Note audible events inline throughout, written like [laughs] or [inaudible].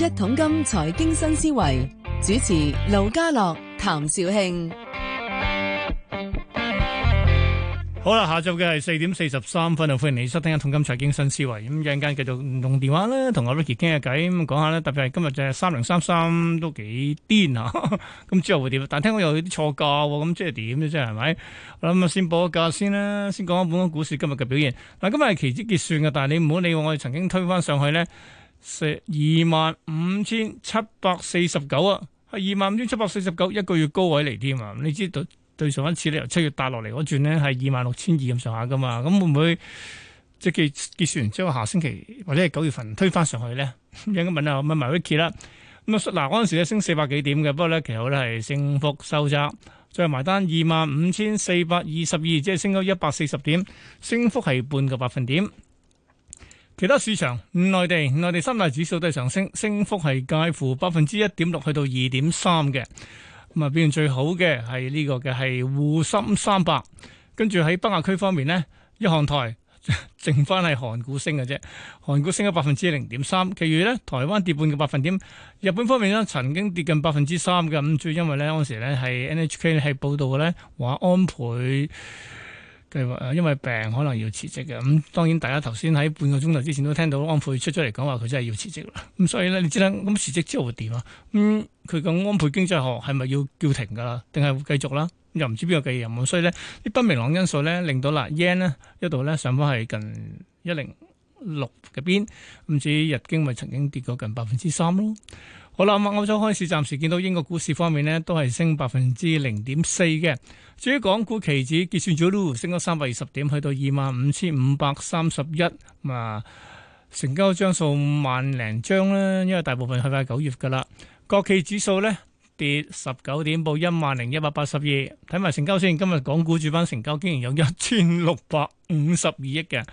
一桶金財經新思維主持盧家樂、譚紹興。好啦，下晝嘅係四點四十三分啊！歡迎你收聽一桶金財經新思維。咁一陣間繼續用電話啦，同阿 Ricky 傾下偈咁講下咧。特別係今日就係三零三三都幾癲啊！咁之後會點？但係聽講又有啲錯價喎，咁即係點啫？係咪？我諗啊，先報個價先啦，先講下本港股市今日嘅表現。嗱，今日係期指結算嘅，但係你唔好理我，我哋曾經推返上去咧。四二萬五千七百四十九啊！係二萬五千七百四十九一個月高位嚟添啊！你知道對上一次咧，由七月打落嚟嗰轉咧係二萬六千二咁上下噶嘛，咁會唔會即係結結算完之後下星期或者係九月份推返上去咧？咁樣問啊，問埋 Vicky 啦。咁啊，嗱嗰陣時咧，升四百幾點嘅，不過咧其實咧係升幅收窄，最後埋單，二萬五千四百二十二，即係升咗一百四十點，升幅係半個百分點。其他市場，內地內地三大指數都係上升，升幅係介乎百分之一點六去到二點三嘅。咁啊，表現最好嘅係呢個嘅係滬深三百。跟住喺北亞區方面呢，日韓台剩翻，係韓股升嘅啫，韓股升咗百分之零點三。其餘呢，台灣跌半嘅百分點。日本方面呢，曾經跌近百分之三嘅，咁最因為呢，當時呢係 NHK 咧，係報道嘅呢話安倍。計劃啊，因為病可能要辭職嘅，咁當然大家頭先喺半個鐘頭之前都聽到安倍出咗嚟講話，佢真係要辭職啦，咁所以咧，你知啦，咁辭職之後會點啊？嗯，咁佢嘅安倍經濟學係咪要叫停噶啦？定係會繼續啦？又唔知邊個繼任，所以咧啲不明朗因素咧令到啦 yen 咧一度咧上方係近一零。六嘅邊，唔至於日經咪曾經跌過近百分之三咯。好啦，咁歐洲開始，暫時見到英國股市方面呢都係升百分之零點四嘅。至於港股期指結算咗咯，升咗三百二十點，去到二萬五千五百三十一，啊成交張數萬零張啦，因為大部分去快九月噶啦。國企指數呢？跌十九點，報一萬零一百八十二。睇埋成交先，今日港股主板成交竟然有一千六百五十二億嘅。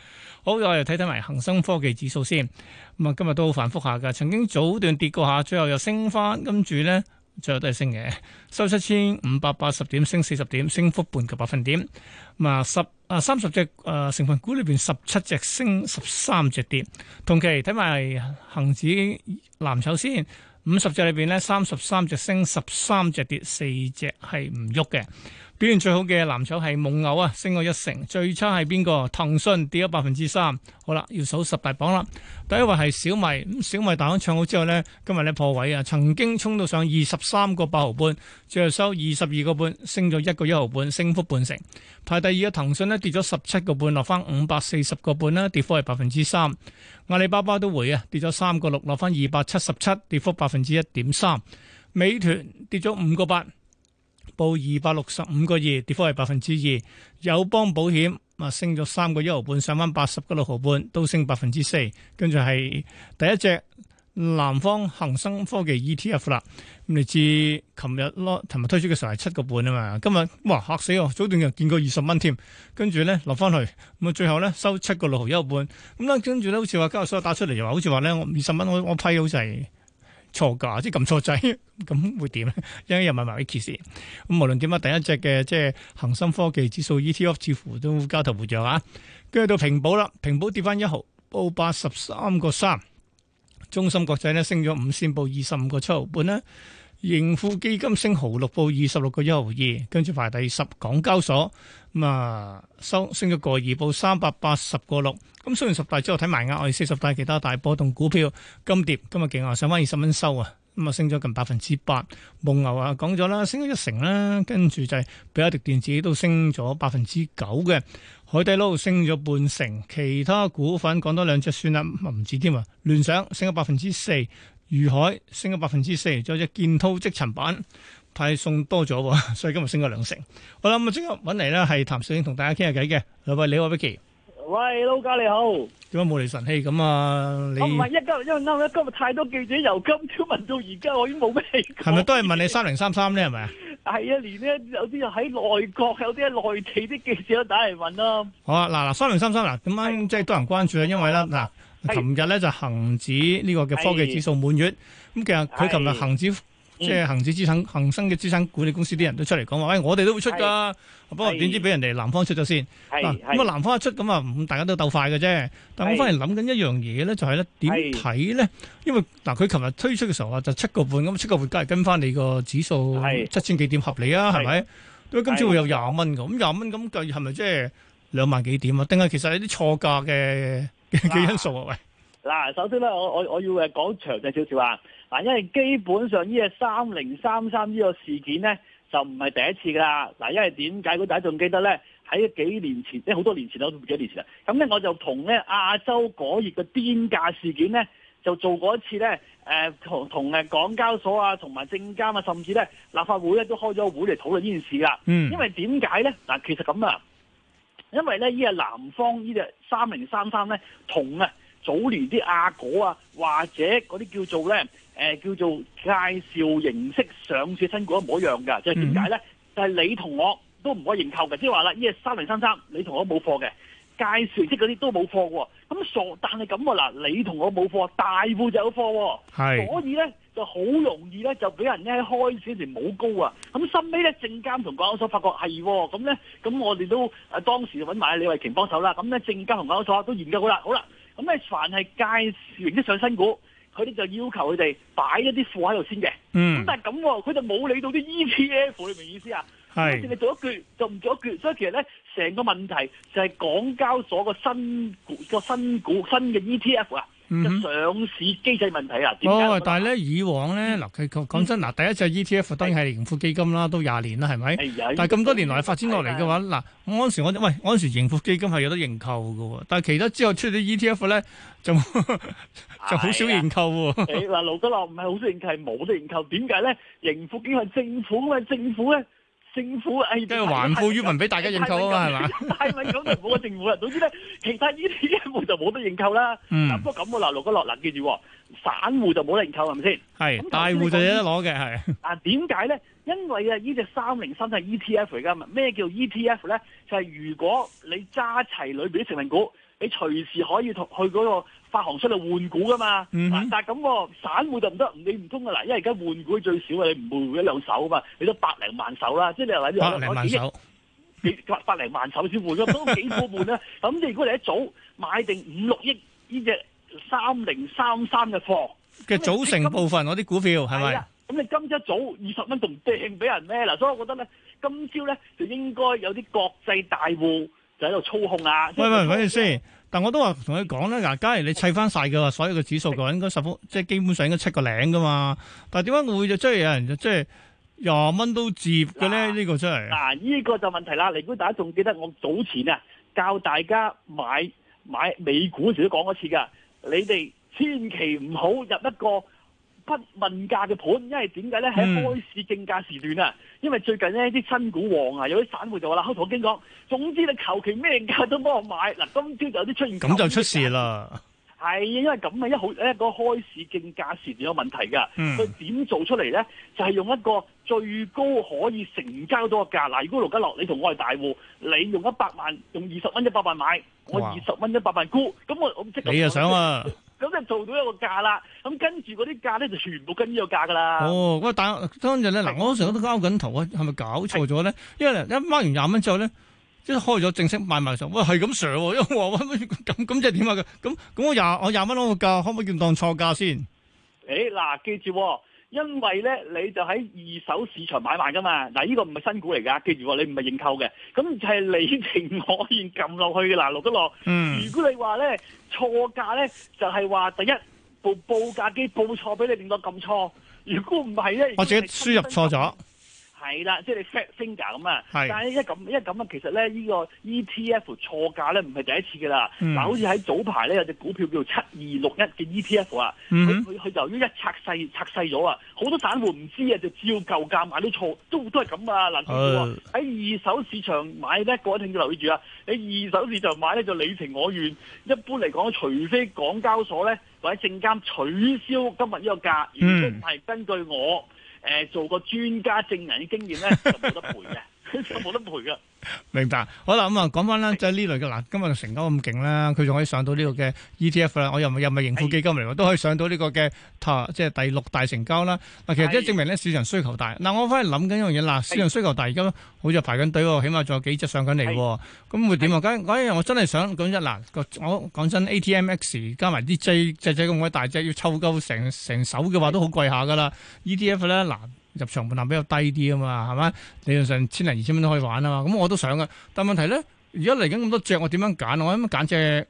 好，我哋睇睇埋恒生科技指數先。咁啊，今日都好反覆下噶，曾經早段跌過下，最後又升翻，跟住咧，最後都係升嘅。收七千五百八十點，升四十點，升幅半個百分點。啊，十啊三十隻誒成分股裏邊，十七隻升，十三隻跌。同期睇埋恒指藍籌先。五十隻裏邊呢，三十三隻升，十三隻跌，四隻係唔喐嘅。表現最好嘅藍籌係蒙牛啊，升咗一成。最差係邊個？騰訊跌咗百分之三。好啦，要數十大榜啦。第一位係小米，小米大行唱好之後呢，今日呢破位啊，曾經衝到上二十三個八毫半，最後收二十二個半，升咗一個一毫半，升幅半成。排第二嘅騰訊呢，跌咗十七個半，落翻五百四十個半啦，跌幅係百分之三。阿里巴巴都回啊，跌咗三個六，落翻二百七十七，跌幅百分之一點三。美團跌咗五個八。報二百六十五個二，跌幅係百分之二。友邦保險啊，升咗三個一毫半，上翻八十個六毫半，都升百分之四。跟住係第一隻南方恒生科技 ETF 啦，你知，琴日咯，琴日推出嘅時候係七個半啊嘛。今日哇，嚇死我，早段又見過二十蚊添，跟住咧落翻去咁啊，最後咧收七個六毫一個半咁啦。跟住咧好似話交易所打出嚟又話好似話咧，我二十蚊我我批好曬。錯價，即係撳錯掣，咁會點咧？因為又埋埋啲 k 線，咁無論點啊，第一隻嘅即係恒生科技指數 ETF 似乎都交頭換腳吓，跟住到平保啦，平保跌翻一毫，報八十三個三，中芯國際咧升咗五線報，報二十五個七毫半啦。盈富基金升毫六，報二十六個一毫二，跟住排第十。港交所咁啊、嗯，收升咗個二，報三百八十個六。咁雖然十大之後睇埋額外，我哋四十大其他大波動股票，金蝶今日勁啊，上翻二十蚊收啊，咁啊升咗近百分之八。蒙牛啊，講咗啦，升咗一成啦，跟住就係比亞迪電子都升咗百分之九嘅，海底撈升咗半成，其他股份講多兩隻算啦，唔止添啊，聯想升咗百分之四。裕海升咗百分之四，仲有隻建滔積層板派送多咗，所以今日升咗兩成。好啦，咁啊，即刻搵嚟啦係譚紹興同大家傾下偈嘅，喂，你好，Vicky，喂，老賈你好，點解冇嚟神氣咁啊？我唔係一今日，因為啱啱今日太多記者由今朝問到，而家我已經冇咩。係咪都係問你三零三三咧？係咪？係啊，連咧有啲喺內國有啲內地啲記者都打嚟問啦。好啊，嗱嗱，三零三三嗱，今晚即係多人關注啊，因為咧嗱。琴日咧就恆、是、指呢個嘅科技指數滿月，咁、哎、其實佢琴日恆指、嗯、即係恆指資產、恒生嘅資產管理公司啲人都出嚟講話，喂、哎，我哋都會出㗎，不過點知俾人哋南方出咗先。嗱、哎，咁啊、哎、南方一出咁啊，大家都鬥快嘅啫。但我反而諗緊一樣嘢咧，就係咧點睇咧？因為嗱，佢琴日推出嘅時候話就七個半，咁七個半梗係跟翻你個指數、哎、七千幾點合理啊？係、哎、咪？因為今朝會有廿蚊嘅，咁廿蚊咁計係咪即係兩萬幾點啊？定係其實係啲錯價嘅？ [laughs] 幾因素啊？喂，嗱，首先咧，我我我要誒講長就少少講詳細少少啊，嗱，因為基本上呢個三零三三呢個事件咧，就唔係第一次噶啦，嗱，因為點解？大家仲記得咧，喺幾年前，即係好多年前啦，幾年前啦，咁咧我就同咧亞洲果業嘅癲價事件咧，就做過一次咧，誒、呃，同同誒港交所啊，同埋證監啊，甚至咧立法會咧都開咗會嚟討論呢件事噶，嗯，因為點解咧？嗱，其實咁啊。因為咧，呢個南方呢隻三零三三咧，同啊早年啲阿果啊，或者嗰啲叫做咧，誒、呃、叫做介紹形式上市新股一模一樣噶。就係點解咧？就係、是、你同我都唔可以認購嘅，即係話啦，呢隻三零三三，你同我冇貨嘅，介紹即嗰啲都冇貨嘅，咁傻，但係咁啊嗱，你同我冇貨，大戶就有貨，係，所以咧。就好容易咧，就俾人咧喺開始時冇高啊！咁後尾咧，證監同港交所發覺係、哦，咁咧，咁我哋都當當時搵埋李慧瓊幫手啦。咁咧，證監同港交所都研究好啦，好啦。咁咧，凡係介紹一上新股，佢哋就要求佢哋擺一啲貨喺度先嘅。嗯、mm. 哦。咁但係咁喎，佢就冇理到啲 ETF，你明意思啊？係、mm.。好似你做一橛，就唔做一橛，所以其實咧，成個問題就係港交所個新股、個新股、新嘅 ETF 啊。嗯、上市機制問題啊？哦，但係咧，以往咧嗱，佢、嗯、講真嗱，第一隻 ETF 當然係盈富基金啦、嗯，都廿年啦，係咪？係、哎、但係咁多年來發展落嚟嘅話，嗱、哎、嗰、哎、陣時我喂，嗰陣時盈富基金係有得認購噶，但係其他之後出咗 ETF 咧，就 [laughs] 就好少認購。誒、哎，嗱、 [laughs] 哎，盧德樂唔係好少認購，係冇得認購。點解咧？盈富基金係政府嘅？政府咧？政府，哎，跟住還富於民俾大家認購咯，係嘛？大買咁就冇個政府啦。總之咧，其他呢啲 ETF 就冇得認購啦。嗯，不過咁我留六個落嗱，記住，散戶就冇得認購係咪先？係，大戶就有得攞嘅係。啊，點解咧？因為啊，呢隻三零三係 ETF 嚟㗎嘛。咩叫 ETF 咧？就係、是、如果你揸齊裏邊啲成分股，你隨時可以同去嗰、那個。發行出嚟換股噶嘛？嗯、但係咁散戶就唔得，你唔通噶啦？因為而家換股最少啊，你唔會換一兩手啊嘛，你都百零萬手啦，即係你又話百零萬手，百百零萬手先換咗都幾苦悶啦。咁你如果你一早買定五六億呢隻三零三三嘅貨嘅組成部分嗰啲股票係咪？咁你今朝一早二十蚊同掟俾人咩？嗱，所以我覺得咧，今朝咧就應該有啲國際大戶就喺度操控啊！喂喂，等陣先。但我都話同佢講啦，嗱，假如你砌翻晒嘅話，所有嘅指數嘅話應該十分，即係基本上應該七個零噶嘛。但係點解我會就真係有人就即係廿蚊都接嘅咧？呢個真係嗱，呢、這個就問題啦。如果大家仲記得我早前啊教大家買買美股時都講過一次噶，你哋千祈唔好入一個。不問價嘅盤，因為點解咧？喺開市競價時段啊、嗯，因為最近呢啲新股旺啊，有啲散戶就話啦，頭先我聽講，總之你求其咩價都幫我買。嗱，今朝就有啲出現咁就出事啦。係啊，因為咁啊，一好咧，個開市競價時段有問題噶。佢、嗯、點做出嚟咧？就係、是、用一個最高可以成交到個價。嗱，如果盧吉樂，你同我係大戶，你用一百萬，用二十蚊一百萬買，我二十蚊一百萬沽，咁我我唔你又想啊？咁就做到一個價啦，咁跟住嗰啲價咧就全部跟呢個價噶啦。哦，喂，但當日咧嗱，我成日都交緊圖啊，係咪搞錯咗咧？因為一掹完廿蚊之後咧，即係開咗正式賣賣上，喂係咁上、啊，因為咁咁即係點啊？咁咁我廿我廿蚊嗰個價可唔可以當錯價先？誒、哎，嗱，記住、哦。因為咧，你就喺二手市場買賣噶嘛，嗱、這、呢個唔係新股嚟噶，記住你唔係認購嘅，咁就係你情我願撳落去嘅，嗱落得落。嗯，如果你話咧錯價咧，就係、是、話第一部報價機報錯俾你錯，令到撳錯。如果唔係咧，我自己輸入錯咗。係啦，即係你 f t 升價咁啊，但係一咁一咁啊，其實咧呢個 E T F 錯價咧唔係第一次噶啦。嗱、嗯，好似喺早排咧有隻股票叫做七二六一嘅 E T F 啊，佢佢佢由於，一拆細拆細咗啊，好多散戶唔知啊，就照舊價買到錯，都都係咁啊。嗱，喺二手市場買咧，各位聽眾一定要留意住啊，喺二手市場買咧就你情我願，一般嚟講，除非港交所咧或者證監取消今日呢個價，唔係根據我。嗯誒做個專家證人嘅經驗咧，就 [laughs] 冇 [laughs] 得賠嘅，冇得賠嘅。明白，好啦，咁啊，講翻啦，就係呢類嘅，嗱，今日成交咁勁啦，佢仲可以上到呢個嘅 ETF 啦，我又咪又咪盈富基金嚟喎，都可以上到呢個嘅，即係第六大成交啦。嗱，其實即係證明咧，市場需求大。嗱，我返去諗緊一樣嘢啦，市場需求大，而家好似排緊隊喎，起碼仲有幾隻上緊嚟，咁會點啊？嗰一日我真係想講一嗱，我講真，ATMX 加埋啲 J，只只咁鬼大隻，要抽夠成成手嘅話都好貴下噶啦，ETF 咧嗱。入場門檻比較低啲啊嘛，係嘛？你要上千零二千蚊都可以玩啊嘛，咁我都想㗎。但問題咧，而家嚟緊咁多隻，我點樣揀？我點樣揀隻？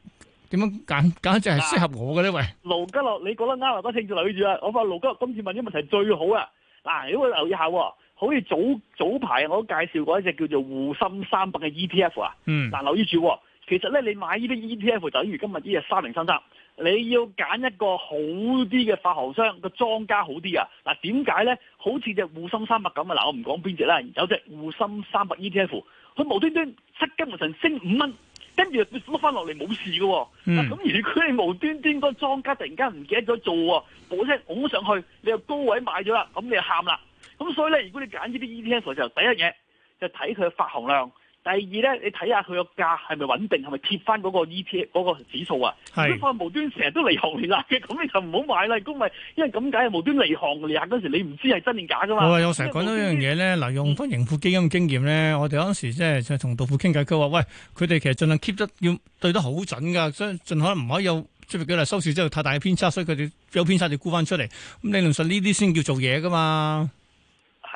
點樣揀揀隻係適合我嘅咧？喂、啊，盧家樂，你覺得啱啊！多聽住留意住啊！我話盧家樂今次問啲問題最好啊！嗱，如果留意下，好似早早排我都介紹過一隻叫做滬深三百嘅 ETF 啊。嗯。但留意住，其實咧你買呢啲 ETF 就等於今日呢隻三零三三。你要揀一個好啲嘅發行商，個莊家好啲啊！嗱，點解咧？好似隻滬深三百咁啊！嗱，我唔講邊隻啦，有隻滬深三百 ETF，佢無端端七金黃神升五蚊，跟住又跌翻落嚟，冇事喎。咁、嗯、而佢無端端個莊家突然間唔記得咗做喎，冇聲拱上去，你又高位買咗啦，咁你就喊啦。咁所以咧，如果你揀呢啲 ETF 就第一嘢就睇佢嘅發行量。第二咧，你睇下佢個價係咪穩定，係咪貼翻嗰個 ETF 嗰個指數啊？如果佢無端成日都離行離落嘅，咁你就唔好買啦。咁咪因為咁解係無端離行離落。嗰時你唔知係真定假噶嘛？我成日講到一樣嘢咧，嗱，用翻盈富基金嘅經驗咧，我哋嗰陣時即係即係同道富傾偈，佢話：喂，佢哋其實盡量 keep 得要對得好準㗎，所以盡可能唔可以有即係幾大收市之後太大嘅偏差，所以佢哋有偏差就估翻出嚟。咁理論上呢啲先叫做嘢㗎嘛？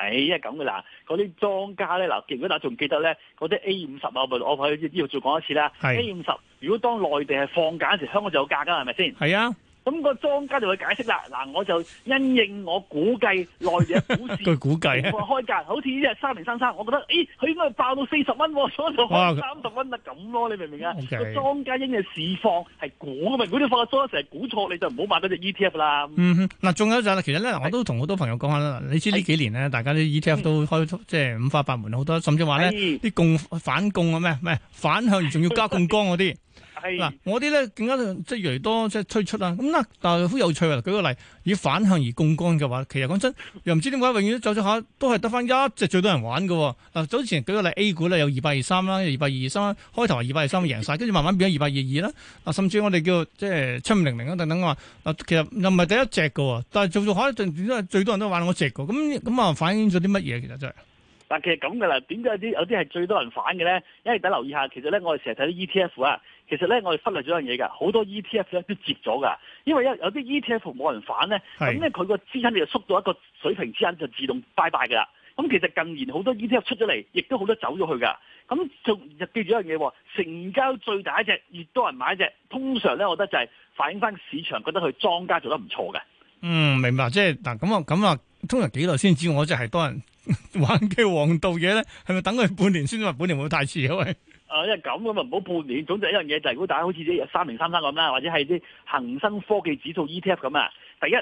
係、哎，因為咁嘅啦，嗰啲莊家咧，嗱，如果大家仲記得咧，嗰啲 A 五十啊，我我喺呢度再講一次啦。A 五十，A50, 如果當內地係放假時候，香港就有價㗎，係咪先？係啊。咁、那個莊家就會解釋啦，嗱，我就因應我估計內地股市，佢 [laughs] 估計我開價，好似呢隻三零三三，我覺得，咦、欸，佢應該爆到四十蚊，所以三十蚊啦，咁咯，你明唔明啊？Okay 那個莊家應嘅市況係估嘅嘛，佢都放個莊成日估錯，你就唔好買嗰隻 E T F 啦。嗯哼，嗱，仲有就是，其實咧，我都同好多朋友講下啦，你知呢幾年咧，大家啲 E T F 都開即係五花八門，好多，甚至話咧啲共反共啊咩，反向而仲要加槓桿嗰啲。 [laughs] 嗱，我啲咧更加即係越嚟多即係推出啦。咁啦，但係好有趣啊！舉個例，以反向而槓桿嘅話，其實講真又唔知點解，永遠都做咗下都係得返一隻最多人玩嘅，嗱、啊。早前舉個例，A 股咧有二百二三啦，二百二三，開頭係二百二三贏晒，跟住慢慢變咗二百二二啦。啊，甚至我哋叫即係七五零零等等嘅話，啊，其實又唔係第一隻嘅、啊，但係做做下一陣最多人都玩我隻，我食嘅咁咁啊，反映咗啲乜嘢？其實就係、是、但其實咁嘅啦，點解有啲有啲係最多人反嘅咧？因為大家留意下，其實咧我哋成日睇啲 E T F 啊。其實咧，我哋忽略咗一樣嘢噶，好多 E T F 咧都接咗噶，因為有啲 E T F 冇人反咧，咁咧佢個資產你就縮到一個水平之，之間就自動拜拜噶啦。咁其實近年好多 E T F 出咗嚟，亦都好多走咗去噶。咁就記住一樣嘢，成交最大一隻，越多人買一隻，通常咧，我覺得就係反映翻市場覺得佢莊家做得唔錯嘅。嗯，明白，即係嗱，咁啊，咁啊，通常幾耐先知？我就係多人玩嘅黃道嘢咧，係咪等佢半年先話本年冇太遲啊？喂！啊，因為咁咁咪唔好半年。總之一樣嘢就係，如果大家好似啲三零三三咁啦，或者係啲恒生科技指數 ETF 咁啊，第一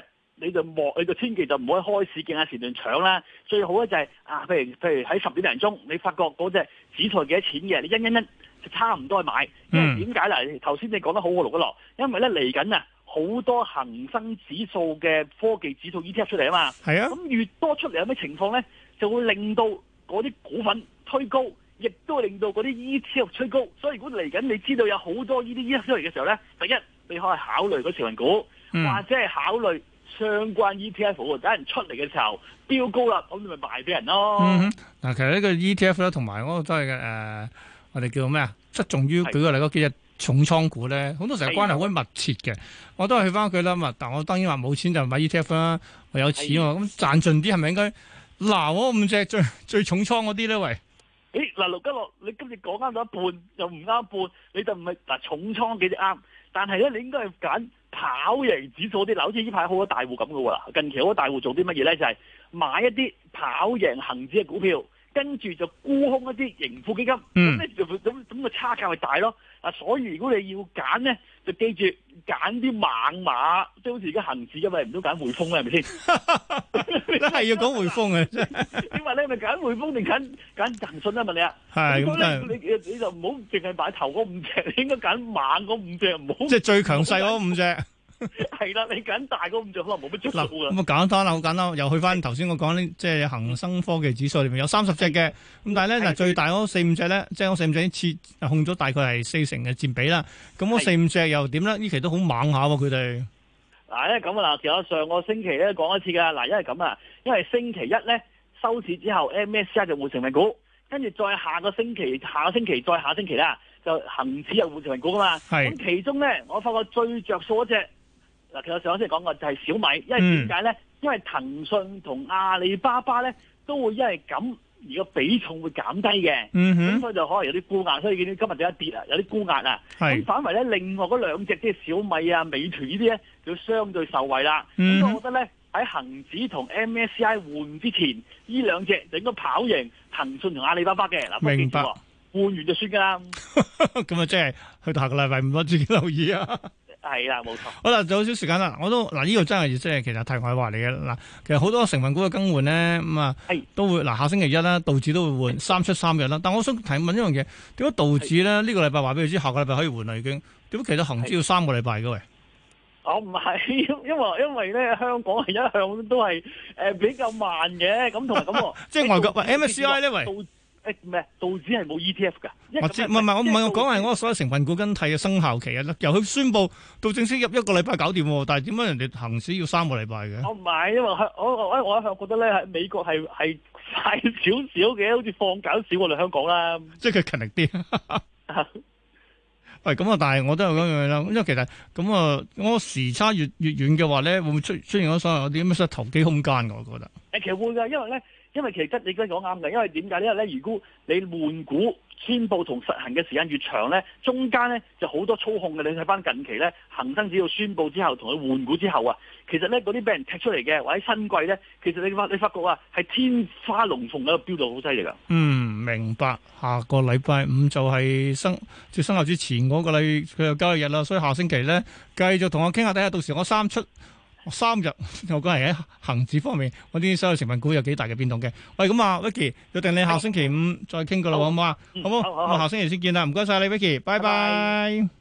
你就望，你就千祈就唔可以開始見下前段搶啦。最好咧就係、是、啊，譬如譬如喺十點零鐘你發覺嗰隻指數幾多錢嘅，你一一一就差唔多買。點解嗱，頭先你講得好好錄一錄，因為咧嚟緊啊，好多恒生指數嘅科技指數 ETF 出嚟啊嘛。係啊，咁越多出嚟有咩情況咧，就會令到嗰啲股份推高。亦都令到嗰啲 E T F 吹高，所以如果嚟緊你知道有好多呢啲 ETF 出嚟嘅時候咧，第一你可以考慮嗰成份股，或者係考慮相關 E T F，等人出嚟嘅時候飆高啦，咁你咪賣俾人咯。嗱、嗯，其實呢個 E T F 咧，同埋我都係嘅誒，我哋叫做咩啊？側重於舉個例嗰幾隻重倉股咧，好多時候關係好密切嘅。我都係去翻佢啦嘛。但我當然話冇錢就買 E T F 啦，我有錢喎，咁賺盡啲係咪應該？嗱，我五隻最最重倉嗰啲咧，喂。嗱、嗯，六吉六，你今日講啱咗一半，又唔啱半，你就唔係嗱重倉幾啲啱，但係咧，你應該係揀跑贏指數啲，嗱好似呢排好多大戶咁噶喎，近期好多大戶做啲乜嘢咧，就係買一啲跑贏恒指嘅股票，跟住就沽空一啲盈富基金，咁咧就咁咁個差價咪大咯。啊，所以如果你要揀咧，就記住揀啲猛馬，即係好似而家行市咁樣，唔好揀匯豐啦，係咪先？你都係要講匯豐嘅，你話你係咪揀匯豐定揀揀騰訊啊？問你啊，係咁啊，你你就唔好淨係擺頭嗰五隻，你應該揀猛嗰五隻，唔好即係最強勢嗰五隻。係 [laughs] 啦，你揀大嗰五隻可能冇乜着數啦。咁啊簡單啦，好簡單，又去翻頭先我講呢，即係恒生科技指數裏面有三十隻嘅，咁但係咧嗱，最大嗰四五隻咧，即係、就是、我四五隻已經切控咗大概係四成嘅佔比啦。咁我四五隻又點咧？呢期都好猛下，佢哋嗱，咧咁啊，其實、啊、上個星期咧講一次噶，嗱，因為咁啊，因為星期一咧收市之後，MSCI 就換成分股，跟住再下個星期、下個星期、再下星期啦就恒指又換成分股噶嘛。係咁，其中咧我發覺最着數一隻。嗱，其實我上我先講過就係小米，因為點解咧？因為騰訊同阿里巴巴咧都會因為噉而個比重會減低嘅，咁、嗯、所以就可能有啲沽壓，所以見到今日點解跌啊？有啲沽壓啊！咁反為咧，另外嗰兩隻即係小米啊、美團呢啲咧，就相對受惠啦。咁、嗯、我覺得咧喺恒指同 MSCI 換之前，呢兩隻就應該跑贏騰訊同阿里巴巴嘅。嗱，明白，換完就算噶啦。咁 [laughs] 啊、就是，即係去下個禮拜唔好自己留意啊！係啦，冇錯。好啦，就好少時間啦。我都嗱、呢、這個真係即係，其實題外話嚟嘅。嗱，其實好多成分股嘅更換咧，咁、嗯、啊，都會嗱，下星期一啦，道指都會換三出三入啦。但我想提問一樣嘢，點解道指咧呢、這個禮拜話俾你知，下個禮拜可以換啦，已經？點解其實恒指要三個禮拜嘅喂？我唔係，因為因為咧，香港係一向都係誒、呃、比較慢嘅，咁同埋咁。 [laughs] 即係外國、哎、MSCI 呢，喂，MSCI 誒，咩道指係冇 ETF 噶？唔係唔係，不不不就是、我唔係我講係我所有成分股跟替嘅生效期啊，由佢宣布到正式入一個禮拜搞掂。但係點解人哋行使要三個禮拜嘅？我唔係，因為我我我，我一向覺得咧，喺美國係係快少少嘅，好似放假都少我哋香港啦。即係佢勤力啲。喂，咁啊、 [laughs] 嗯，但係我都有咁樣啦。因為其實咁啊，我、嗯、時差越越遠嘅話咧，會唔會出出現咗所謂有啲咩失投機空間噶？我覺得誒，其實會噶，因為咧。因為其實你而家講啱嘅，因為點解呢？因為咧，如果你換股宣布同實行嘅時間越長咧，中間咧就好多操控嘅。你睇翻近期咧，恒生指數宣布之後同佢換股之後啊，其實咧嗰啲俾人踢出嚟嘅或者新貴，咧，其實你發你發覺啊，係天花龍鳳喺度飆到好犀利噶。嗯，明白。下個禮拜五就係生即生效之前嗰個禮佢個交易日啦，所以下星期咧繼續同我傾下睇下，到時我三出。三日我個人喺恒指方面，我啲所有成分股有幾大嘅變動嘅。喂，咁啊，Vicky，約定你下星期五再傾過啦，好唔好啊？好嗎？嗯，好，好，我下星期先見啦，唔該晒你，Vicky，拜拜。拜拜。